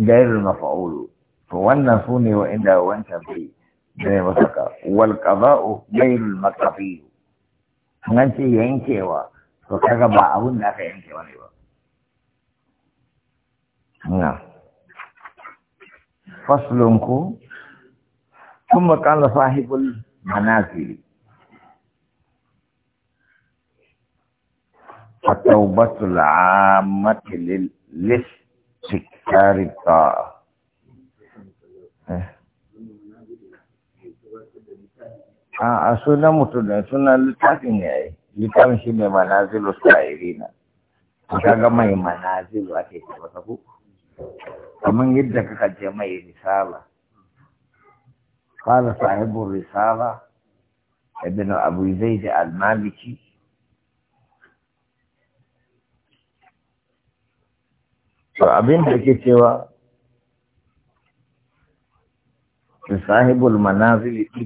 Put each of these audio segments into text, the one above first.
غير المفعول فوالنفون وإلا وانتفي من المسكة والقضاء غير المكفي فنانسي ينكي وا فكذا بعضنا في ينكي وا نعم فصل ثم قال صاحب المنازل التوبة العامة للست shikari ta'a eh. a sunan mutum da sunan littafin ya yi littafin shi ne manazilu sa'irina kaga mai manazilu ake ce masa ku kamar yadda kaka je mai risala قال صاحب الرسالة abu أبو زيد المالكي to abin da ke cewa fi sahibul manazili ɗi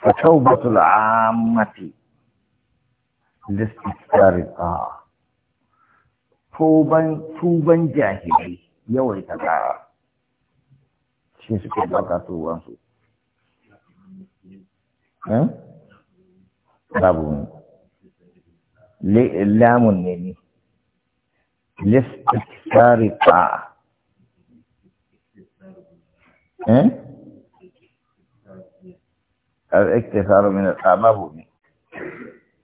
fa taubatul ammati lististari a tuban tuban jahili yawai ta kara shi suke baka tuban su eh? Babu ne, lamun ne ne. الاستكثار الطاعة إيه؟ الاكتثار من الطاعة ما بوني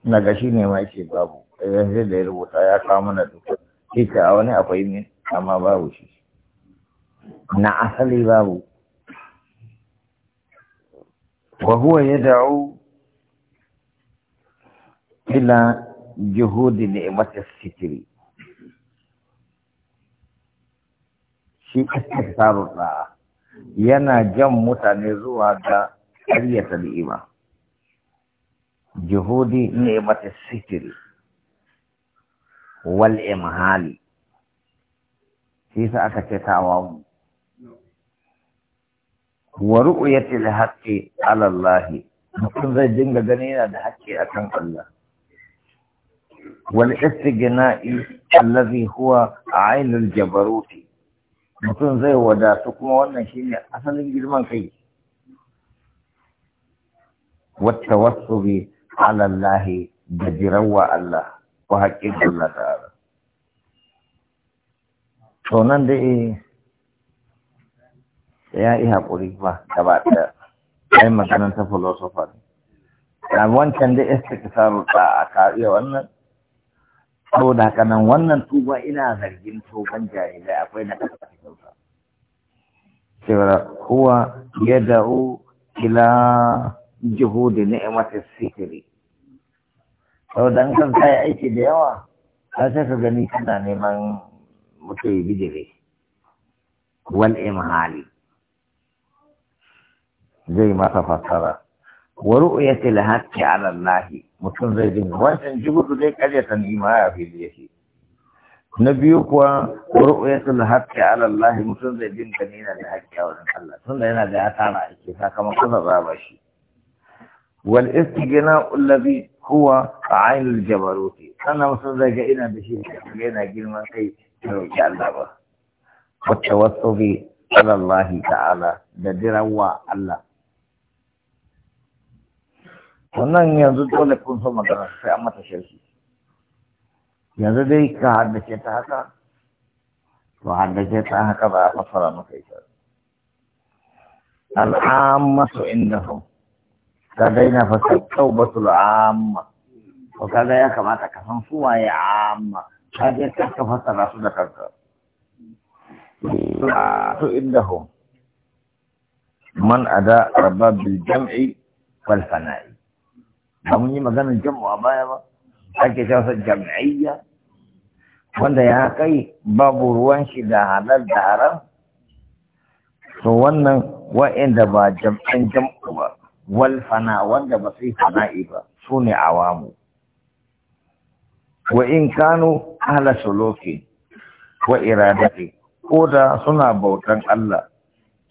نقشيني ما يشي بابو إذا هل يلو تايا قامنا دوك كي تعاوني أفاي من أما بابو شي نعسلي بابو وهو يدعو إلى جهود نعمة الستري shi istifsarun da'a yana jan mutane zuwa ga ƙaryata ni'ima juhudi ni'imati sitiri wal imhali shi sa aka ce tawawu wa ru'yatil haqqi 'ala Allah mutum zai dinga gani yana da haƙƙi akan Allah wal istighna'i allazi huwa 'ainul jabaruti mutum zai wadatu kuma wannan shi ne asalin girman kai wata wasu bi alallahi da jirawa Allah ko haƙƙin Allah ta'ala to nan da ya yi haƙuri ba gaba ɗaya ai maganin ta philosopher ne wancan da sa ta a kariya wannan saboda haka nan wannan tuba ina zargin tuban jahilai akwai na ƙasa cewa huwa ya da'u ila juhudi ni'matis sikiri sau da kan kai aiki da yawa ka sai ka gani kana neman mutu ya bijire wal imhali zai mata fassara wa ru'yatil haqqi 'ala Allah mutum zai dinga Wancan juhudu dai kaje ta ni ya fi yake نبي يقوى رؤية الحق على الله مثل مسلم الدين كنينا الحق أو الله سند هنا ده أتانا كيف كما قصة رابشي والاستجناء الذي هو عين الجبروت أنا مسلم ده جينا بشيء جينا جيل ما كي نرجع لبا والتوسط على الله تعالى بدروا الله Wannan yanzu dole kun so magana sai an mata shirki. يزدي كهار نشيطة هكا كهار نشيطة هكا فصلا مكيسا العامة عندهم كدينا فسد توبة العامة وكذا يا تكفن سوى عامة هذه تكفى تناسو دكتا عندهم من أدا رباب بالجمع والفنائي هم يمكن الجمع أبايا أكي جمعية wanda ya kai babu ruwan shi da halar da haram to wannan wa'inda ba jam'an jam'u ba wal fana wanda ba su yi fana'i ba su ne awamu wa in kanu ahla suluki wa iradati ko da suna bautan Allah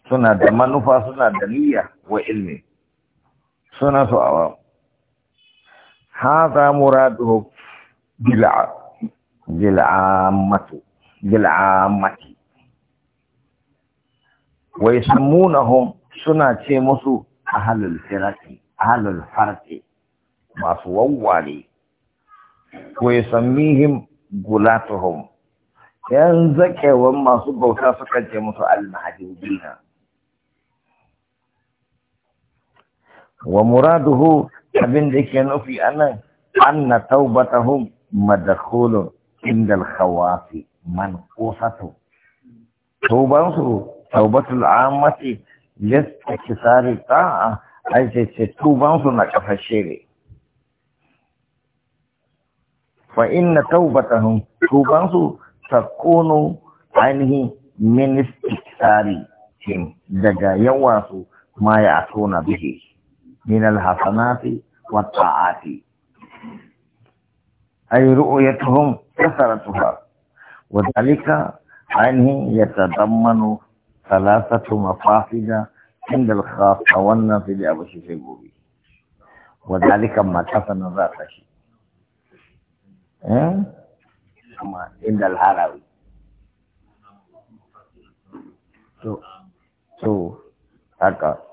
suna da manufa suna da niyya wa ilmi suna su awamu haza muradu bil'a bil'amatu bil'amati wa yusammunahum suna ce musu ahlul firaqi ahlul farqi masu wawware wa yusammihim gulatuhum yan zakewan masu bauta suka ce musu al-mahdudina wa muraduhu abin da yake nufi anan anna taubatahum madkhulun عند الخواف منقوصة توبانسو توبة العامة لاستكثار الطاعة أي توبانسو نكف الشيء فإن توبتهم توبانسو تكون عنه من استكثار دجا يواس ما يعطون به من الحسنات والطاعات أي رؤيتهم وكثرتها وذلك عنه يتضمن ثلاثة مفاسد عند الخاصة والنافذ لأبو الشيبوبي وذلك ما كفن ذات شيء أه؟ عند الهروي تو تو هكذا